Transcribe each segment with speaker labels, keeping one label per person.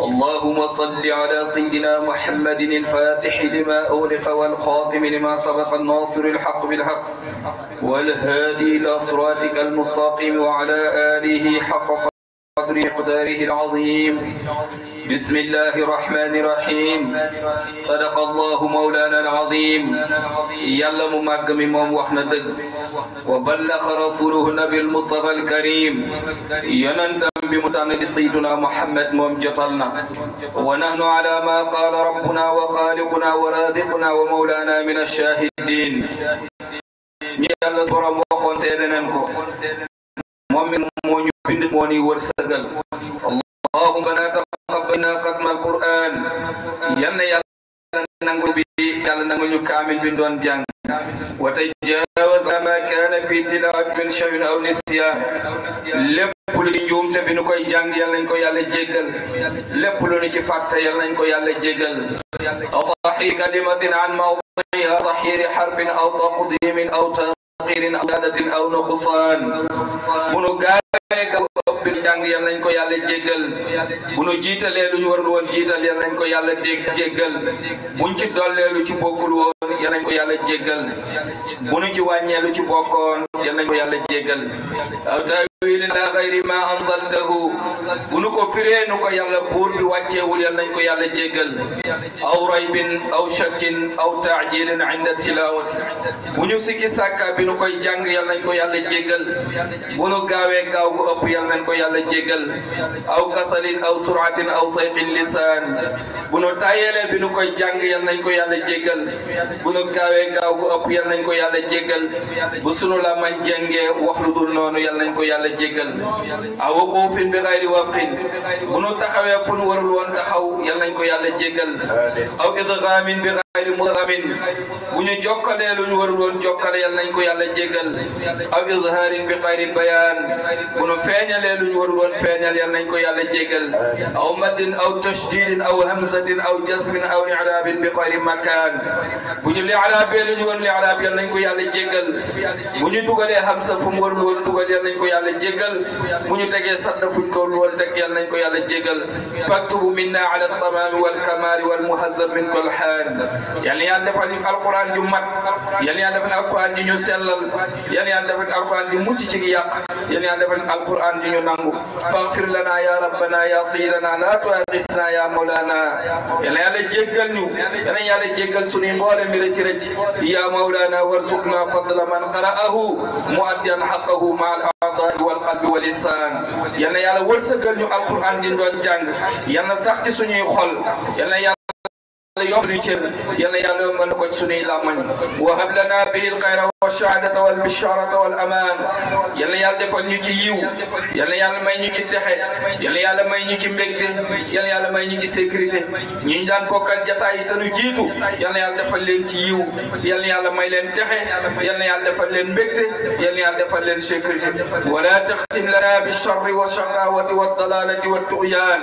Speaker 1: اللهم صل على سيدنا محمد الفاتح لما أغلق والخاتم لما سبق الناصر الحق بالحق والهادي إلى صراطك المستقيم وعلى آله حق قدره العظيم بسم الله الرحمن الرحيم صدق الله مولانا العظيم يلا ممك ممم وحنا دق وبلغ رسوله نبي المصطفى الكريم يننتم بمتعند سيدنا محمد مم جطلنا ونحن على ما قال ربنا وخالقنا ورازقنا ومولانا من الشاهدين ñi yàlla borom waxoon seede nañ ko moom mi moo ñu bind moo ni wërsëgal nangu bi yàlla nanguñu kaamil bi doon jàng wa tajawaz ma kaana fi tilaawat min shawin aw nisyan lépp lu ci njuumte bi nu koy jàng yal nañ ko yàlla jéggal lépp lu nu ci fàtte yal nañ ko yàlla jéggal أضحي كلمة عن موضعها تحرير حرف أو تقديم أو تأخير أو زيادة أو نقصان. jàng yal nañ ko yàlla jéggal bu nu jiitalee lu ñu warul woon jiital yal nañ ko yàlla dégg jéggal buñ ci dollee lu ci bokkul woon yal nañ ko yàlla jéggal bu nu ci wàññee lu ci bokkoon yal nañ ko yàlla jéggal aw tawilin la xayri ma anzaltahu firee nu ko yàlla buur bi wàcceewul yal nañ ko yàlla jéggal aw raybin aw shakkin aw taajilin inda tilawati bu ñu sikki sàkka bi nu koy jàng yal nañ ko yàlla jéggal bu gaawee gaaw gu ëpp yal nañ ko yàlla jéggal aw kasalin aw suratin aw sayqin lisaan bu nu taayelee bi nu koy jàng yal nañ ko yàlla jéggal bu nu gaawee gaaw gu ëpp yal nañ ko yàlla jéggal bu sunu la man jàngee wax lu dul noonu yal nañ ko yàlla jéggal aw quufin bi xayri waqin bu nu taxawee fu nu warul woon taxaw yal nañ ko yàlla jéggal aw idgaamin bi ay mu amin bu ñu jokkalee lu ñu warul woon jokkale yal nañ ko yàlla jéggal aw izhaarin bi xayri lu ñu warul woon feeñal nañ ko yàlla jéggal aw maddin aw tashdidin aw hamzatin aw jasmin aw i'raabin bi xayri makaan bu ñu li'raabee lu ñu warul i'raab yal nañ ko yàlla jéggal bu ñu dugalee hamza fu mu warul woon dugal ko yàlla jéggal bu ñu tegee sadda fu ñu ko warul woon nañ ko yàlla jéggal faktubu minna ala at-tamaami wal kamaali wal muhazzab min yal na yàlla defal ñu alquran ju mat yal na yàlla defal alquran ju ñu sellal yal na yàlla defal alquran ju mucc ci yàq yal na yàlla defal alquran ju ñu nangu faghfir lana ya rabbana ya sayyidana la tu'akhizna ya mawlana yal na yàlla jéggal ñu yal na yàlla jéggal suñu mboole mi rëcc rëcc ya mawlana warzuqna fadla man qara'ahu mu'addiyan haqqahu ma'al a'daa'i wal qalbi wal lisaan yal na yàlla wërsëgal ñu alquran di doon jàng yal na sax ci suñuy xol يوم يلا يا لوم لكم سني لامن وهب لنا به الخير والسعادة والبشارة والأمان يلا يا دفن نيجي يو يلا يا ما نيجي تحه يلا يا ما نيجي مبكت يلا يا ما نيجي سكرتة نين جان بوكال جتا يتنو جيتو يلا يا دفن لين تيو يلا يا ما لين تحه يلا يا دفن لين مبكت يلا يا دفن لين سكرتة ولا تختم لنا بالشر والشقاوة والضلالة والطغيان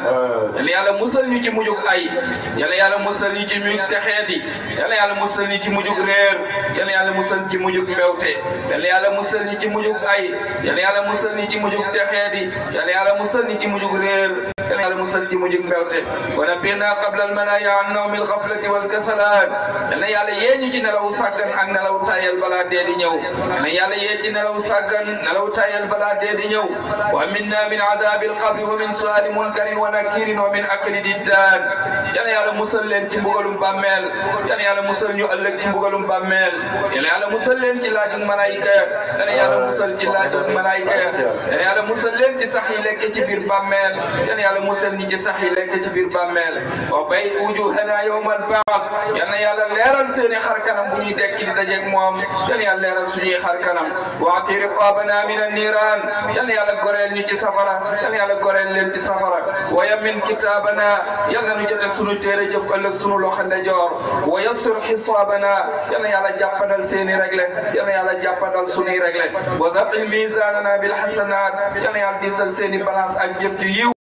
Speaker 1: يلا يا مسل نيجي مجوك أي يلا يا مسل ñi ci mujj texee di yal na yàlla musal ñi ci mujjug réer yal na yàlla musal ñi ci mujjug mbewte yal na yàlla musal ñi ci mujjug ay yal na yàlla musal ñi ci mujjug texee di yal na yàlla musal ñi ci mujjug réer yal na yàlla musal ci mujjug mbewte wa nabbina qabla al manaya an nawmi al ghaflati wal kasalan yal na yàlla yee ñu ci nelaw sàggan ak nelaw tayel balaa dee di ñëw yal na yàlla yee ci nelaw sàggan nelaw tayel balaa dee di ñëw wa minna min adabi al qabri wa min su'ali munkarin wa nakirin wa min akridi daan yal na yàlla musal leen ci mbugalum bàmmeel yal na yàlla musal ñu ëllëg ci mbugalum bàmmeel yal na yàlla leen ci laaj ak malaayika yal na yàlla musal ci laaj ak malaayika yal na yàlla leen ci sax yi lekk ci biir bàmmeel yal na yàlla musal ñu ci sax yi lekk ci biir bàmmeel wa bay wujuhana yawmal baas yal na yàlla leeral seeni xar kanam bu ñuy dekk di dajeeg moom yal na yàlla leeral suñuy xar kanam waati riqaabana min anniiraan yal na yàlla goreel ñu ci safara yal na yàlla ci safara wa yamin kitaabana yal na ñu jote sunu téere jëf ëllëg sunu loxo ndejoor wa yassir xisaabana yal na yàlla jàppandal seeni réglé yal na yàlla jàppandal sunuy réglé wa daqil miisaanana bil xasanaat yal na yàlla diisal seeni balance ak jëf ju yiw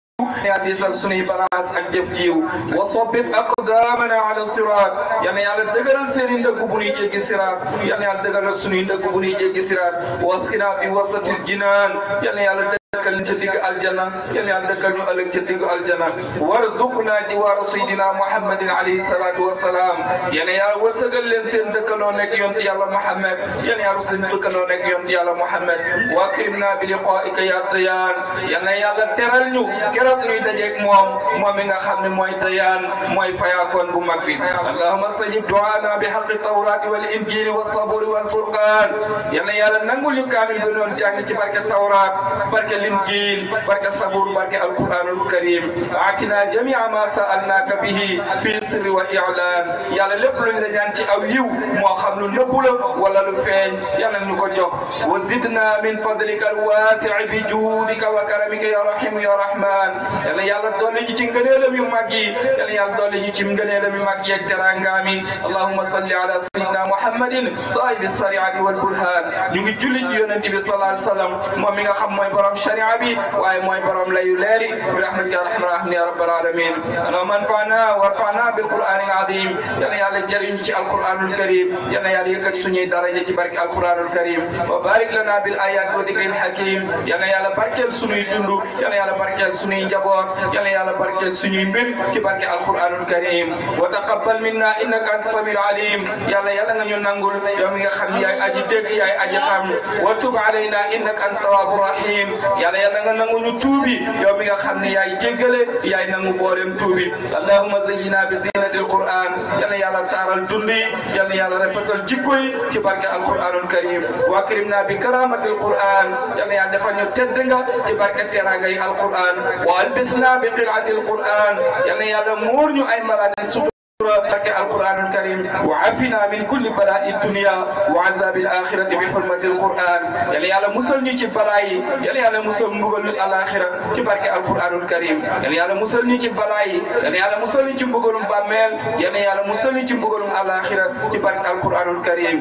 Speaker 1: يا ديسال سني بلاس ak jëf jiw wa sabbit aqdamana ala sirat yana yàlla dëgëral seeni ndëgg bu ñuy jéggi sirat yana yàlla dëgëral sunuy ndëgg bu ñuy jéggi sirat wa xina bi wasatil jinaan yana yàlla dëkkal ñu ca digg aljana yéen yàlla dëkkal ñu ëllëg ca digg aljana warzuqnaa jiwaara sayyidina muhammadin alayhi salaatu wasalaam yéen yàlla wërsëgal leen seen dëkkandoo nekk yonent yàlla muhammad yéen yàlla seen dëkkandoo nekk yonent yàlla muhammad wa akrimnaa bi liqaaika yaa dayaan yéen yàlla teral ñu keroog ñuy dajeeg moom moom mi nga xam ne mooy dayaan mooy fayaakoon bu mag bi allahumma stajib du'aanaa bi haqqi tawraati wal injiili wa sabuuri wal furqaan yéen yàlla nangul ñu kaamil bi noon jàng ci barke tawraat barke الإنجيل بركة الصبور بركة القرآن الكريم آتنا جميع ما سألناك به في سر وإعلان يلا لب lu la ñaan ci aw yiw moo xam lu nëbbu la wala lu feeñ yàlla ñu ko jox wa zidna min fadlika alwaasi bi juudika wa karamika ya rahimu ya rahman yàlla yàlla dolli ñu ci ngëneelam yu mag yi yàlla yàlla dolli ñu ci ngëneelam yu mag yi ak teraangaami allahumma salli ala sayyidina muhammadin sahibi sariati wal burhan ñu ngi julli ci yonente bi sallallahu alayhi wa sallam moom mi nga xam mooy borom شارع بي واي موي بروم لا يلاري برحمتك يا رحمن الرحيم يا رب العالمين اللهم انفعنا وارفعنا بالقران العظيم يلا يلا جريني في القران الكريم يلا يلا يكت سني درجه بارك القران الكريم وبارك لنا بالايات وذكر الحكيم يلا يلا باركل سني دوند يلا يلا باركل سني نجابور يلا يلا باركل سني مبير في بارك القران الكريم وتقبل منا انك انت السميع العليم يلا يلا نيو نانغول يوم nga xam yaay aji dégg yaay aji xam wa tub alayna innaka anta tawwabur rahim yàlla yàlla nga nangu ñu tuubi yow mi nga xam ne yaay jéggale yaay nangu booleem tuubi allahumma zayyina bi zinatil quran yàlla yàlla taaral dund yi yàlla yàlla rafetal jikko yi ci barke karim wa akrimna bi karamatil quran yàlla yàlla defal ñu tedd nga ci barke teraanga yi alquran wa albisna bi qiraatil quran yàlla yàlla muur ñu ay maraani بركة القرآن الكريم وعافنا من كل بلاء الدنيا وعذاب الآخرة بحرمة القرآن يلي على مسلني ci balaay yàlla yàlla musal mbugal ñu alaxira ci barke alquranul karim yàlla yàlla musal ñu ci balaay yàlla yàlla musal ñu ci mbugalum bàmmeel yàlla yàlla musal ñu ci mbugalum alaxira ci barke alquranul karim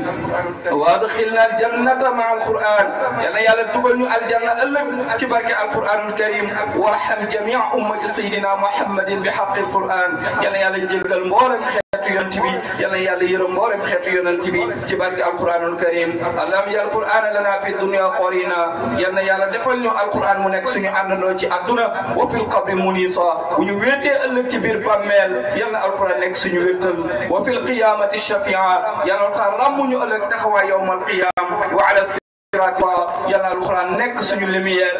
Speaker 1: wa adkhilna aljannata ma alquran yàlla yàlla dugal ñu aljanna ëllëg ci barke alquranul karim warham jami' ummati sayyidina muhammadin bi haqqi alquran yàlla yàlla jéggal mboolem xeetu yonent bi yal na yàlla yërëm mboolem xeetu yonent bi ci barke alquranul karim allahumma ya alquran lana fi dunya qarina yal na yàlla defal ñu alquran mu nekk suñu àndandoo ci adduna wa fil qabri munisa bu ñu wéetee ëllëg ci biir bàmmeel yal na alquran nekk suñu wéttal wa fil qiyamati shafia yal na alquran ràmm ñu ëllëg taxawaay yawmal qiyam wa ala sirati yal na alquran nekk suñu lumière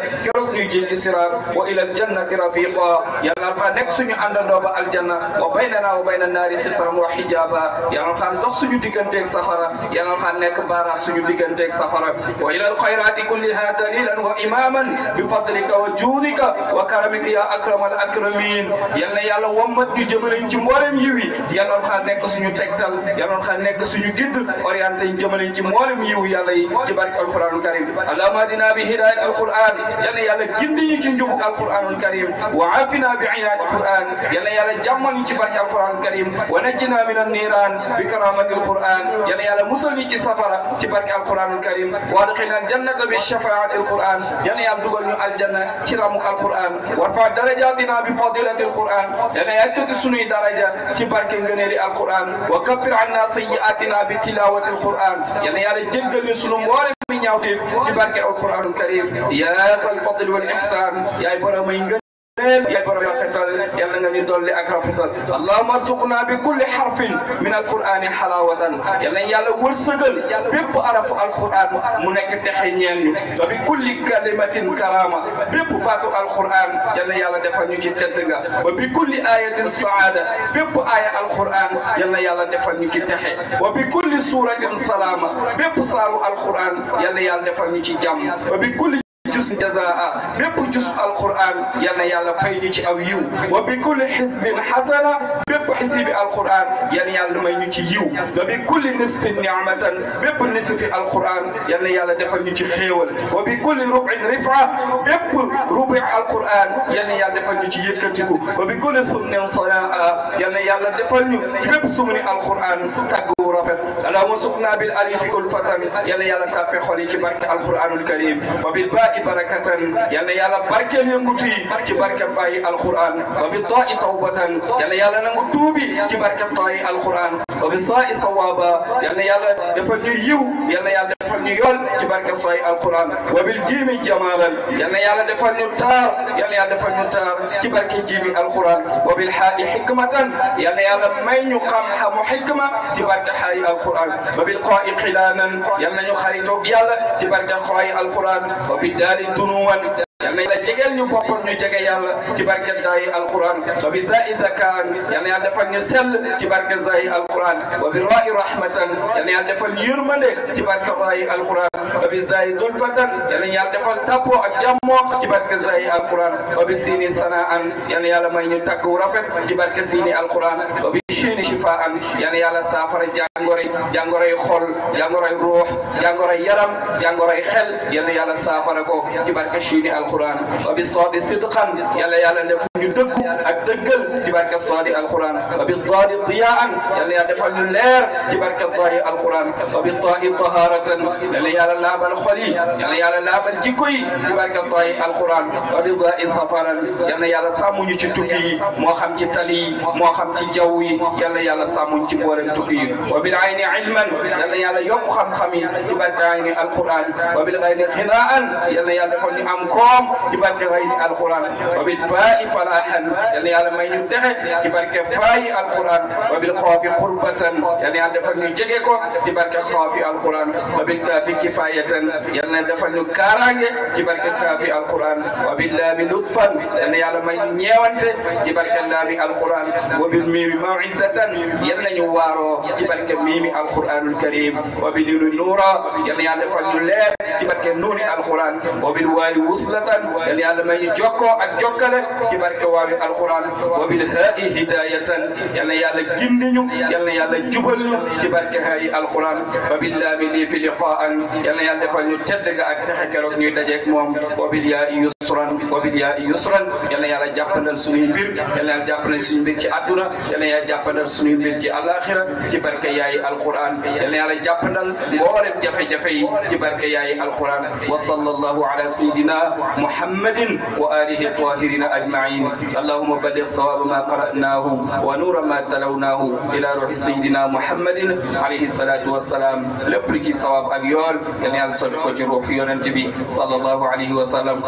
Speaker 1: nuujil israr wa ilal jannati rafiqa yàlla na nekk suñu àndandoo ba aljanna wa baynana wa bayna naari sitran wa hijaba yàlla na xam dox suñu digganteeg safara yàlla na xam nekk baaraas suñu digganteeg safara wa ilal xayraati kulliha dalilan wa imaman bi fadlika wa juudika wa karamika ya akramal akramin yàlla na yàlla wommat ñu jëmaleñ ci mboolem yiw yi yàlla na xam nekk suñu tegtal yàlla na xam nekk suñu gidd orienté ñu jëmaleñ ci mboolem yiw yàlla yi ci barke alquranul karim allahumma adina bi hidayat alquran yàlla yàlla gindi ñu ci njub alquranul karim wa afina bi aynaati quran yal na yàlla jàmmal ñu ci barke alquranul karim wa najjina min an niiraan bi karamati alquran yal na yàlla musal ñu ci safara ci barke alquranul karim wa adxilna aljannata bi shafaati alquran yal na yàlla dugal ñu aljanna ci ramu alquran warfa darajatina bi fadilati alquran yal na yàkkati sunuy daraja ci barke ngëneeli alquran wa kaffir anna sayyiatina bi tilawati alquran yal na yàlla jéggal ñu sunu mboole mi ñaawteef ci barke alquranul karim yaa sal fadl wal ihsan yaay borom ay ngën يا برم الخطر يلا نجي دولي أكرم فطر اللهم ارزقنا بكل حرف من القرآن حلاوة يلا يلا ورسقل بيب أعرف القرآن منك تحيني وبكل كلمة كرامة بيب باتو القرآن يلا يلا دفعني جتتنا وبكل آية سعادة بيب آية القرآن يلا يلا دفعني جتتحي وبكل سورة سلامة بيب صاروا القرآن يلا يلا دفعني جتجم وبكل jus jazaa bépp jus alquran yal na yàlla fay ñu ci aw yiw wa bi kulli xisbin xasana bépp xisbi alquran yal na yàlla ñu ci yiw wa bi kulli nisfi niamatan bépp nisfi alquran yal na yàlla ci xéewal wa bi kulli rubin rifa bépp rubi alquran yal na yàlla defal wa bi kulli alquran rafet allahumma suqna bil alifi ulfatan yal na yàlla tàppe xol yi ci barke alquranul karim wa bil baa'i barakatan yal na yàlla barkeel yëngutu yi ci barke baayi alquran wa bi taa'i tawbatan yal na yàlla nangu tuubi ci barke taa'i alquran wa min saai sawaba yal na yàlla defal ñu yiw yal na yàlla defal ñu yool ci barke saay alquran wa bil jimi jamalan yal na yàlla defal ñu taar yal na yàlla defal ñu taar ci barke jimi alquran wa bil xaadi xikmatan yal na yàlla may ñu xam-xamu xikma ci barke xaayi alquran wa bil qaai xilaanan yal na ñu xaritoog yàlla ci barke xaayi alquran wa bi daari dunuwan yal na yàlla jegeel ñu boppam ñu jege yàlla ci barke daayi alquran wa bi daa'i zakaan yal na yàlla defal ñu sell ci barke daayi alquran wa bi roi rahmatan yal na yàlla defal ñu yërmande ci barke daayi alquran wa bi daa'i dulfatan yal na yàlla defal tàppoo ak jàmmoo ci barke daayi alquran wa bi siini sanaan yal na yàlla may ñu tàggu rafet ci barke siini alquran seeni shifaa an yal yàlla saafara jàngoroy jàngoroy xol jàngoroy ruux jàngoroy yaram jàngoroy xel yal yàlla saafara ko ci barke seeni alquran wa bi soodi sidqan yal yàlla def ñu dëggu ak dëggal ci barke saadi alquran wa bi daadi diyaan yal na yàlla defal ñu leer ci barke daadi alquran wa bi daadi taharatan yal na yàlla laabal xol yi yal na yàlla laabal jikko yi ci barke daadi alquran wa bi daadi safaran yal na yàlla sàmmuñu ci tukki yi moo xam ci tali yi moo xam ci jaww yi yal na yàlla sàmmuñ ci mboolem tukki yi wa bil ayni ilman yal na yàlla yokk xam-xam yi ci barke ayni alquran wa bil ayni xinaan yal na yàlla defal ñu am koom ci barke ayni alquran wa bil faa ahad yal na yàlla may ñu texe ci barke faayi alquran wa bil xoofi xurbatan yal na yàlla defal ñu jege ko ci barke xoofi alquran wa bil kaafi kifayatan yal na defal ñu kaaraange ci barke kaafi alquran wa bil laami lutfan yal na yàlla may ñu ñeewante ci barke laami alquran wa bil miimi mawizatan yal na ñu waaroo ci barke miimi alquranul karim wa bil nuuri nuura yal na yàlla defal ñu leer ci barke nuuri alquran wa bil waali wuslatan yal na yàlla may ñu jokkoo ak jokkale ci barke nekk waaru alquran wa bil haa'i hidayatan yal na yàlla gindi ñu yal na yàlla jubal ñu ci barke haa'i alquran wa bil laami lii fi liqaan yal na yàlla defal ñu tedd nga ak texe keroog ñuy dajeeg moom wa bil yaa'i suran wa bil yaadi yusran yal na yàlla jàppandal suñuy mbir yal na yàlla jàppandal suñuy mbir ci àdduna yal na yàlla jàppandal suñuy mbir ci àllaaxira ci barke yaayi alquran yal na yàlla jàppandal mboolem jafe-jafe yi ci barke yaayi alquran wa sallallahu ala sayidina muhammadin wa alihi tahirina ajmain allahuma balligh sawaba ma qara'nahu wa nuura ma talawnahu ila ruhi sayidina muhammadin alayhi salatu wassalam lépp ci sawab ak yool yal na yàlla sotti ko ci ruux yonente bi sallallahu alayhi wa sallam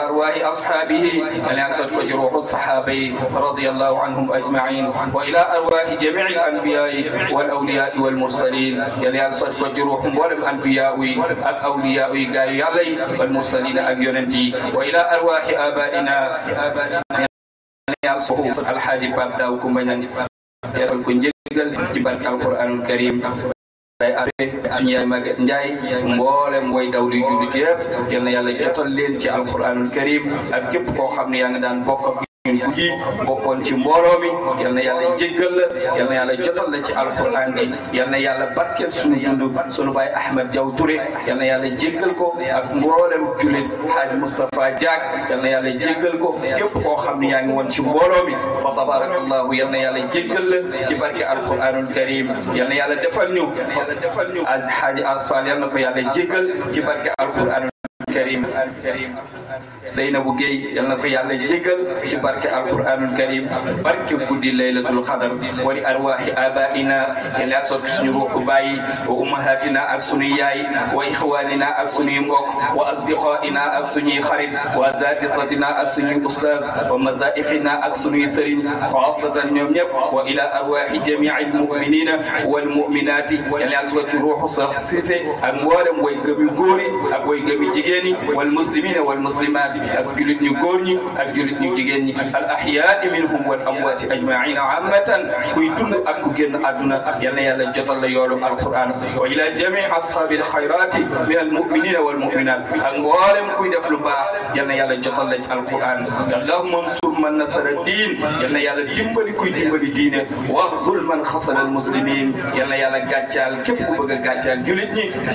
Speaker 1: أرواح أصحابه ولأنصت جروح الصحابة رضي الله عنهم أجمعين وإلى أرواح جميع الأنبياء والأولياء والمرسلين يلأنصت جروح ولم أنبياء الأولياء قايو يلي والمرسلين أبيونتي وإلى أرواح آبائنا الحاج باب داوكم بنان يلقوا نجل جبال القرآن الكريم day amee suñu yaay Maguette Ndiaye mboolem way daw li jullit yëpp yal na yàlla jotal leen ci alquranul karim ak képp koo xam ne yaa ngi daan bokka ji bokkoon ci mbooloo mi yal na yàlla jéggal la yal na yàlla jotal la ci alquran bi yal na yàlla barkeel sunu dund sunu baay Ahmed Diaw Touré yal na yàlla jéggal ko ak mboolem julit Haaj Moustapha Diak yal na yàlla jéggal ko képp koo xam ne yaa ngi woon ci mbooloo mi fa tabarakallahu yal na yàlla jéggal la ci barke alquranul karim yal na yàlla defal ñu Haaj Asfal yal na ko yàlla jéggal ci barke alquranul karim Seynabou Guèye yal na ko yàlla jégal ci barke alquranul karim barke guddi laylatul xadar wali arwaaxi abaina yal na sotti suñu mbokk bàyyi wa ummahatina ak suñuy yaay wa ixwanina ak suñuy mbokk wa asdiqaina ak suñuy xarit wa zaatisatina ak suñuy ustaaz wa mazaixina ak suñuy sëriñ xaasatan ñoom ñëpp wa ila arwaaxi jamii almuminina walmuminati yal na sotti ruuxu sax Sise ak mboolem way gëmi góori ak way gëmi jigéeni wal muslimina wal muslimat arabi ak jullit ñu góor ñi ak jullit ñu jigéen ñi al ahyaai minhum wal amwaati ajmain amatan kuy dund ak ku génn àdduna yal na yàlla jotal la yoolu alquran wa ila jami ashaabil xayrati min al muminina wal muminat ak mboolem kuy def lu baax yal na yàlla jotal la ci alquran allahuma nsur man nasara diin yal na yàlla dimbali kuy dimbali diine waxzul man xasala almuslimin yal na yàlla gàccaal képp ku bëgg a gàccaal jullit ñi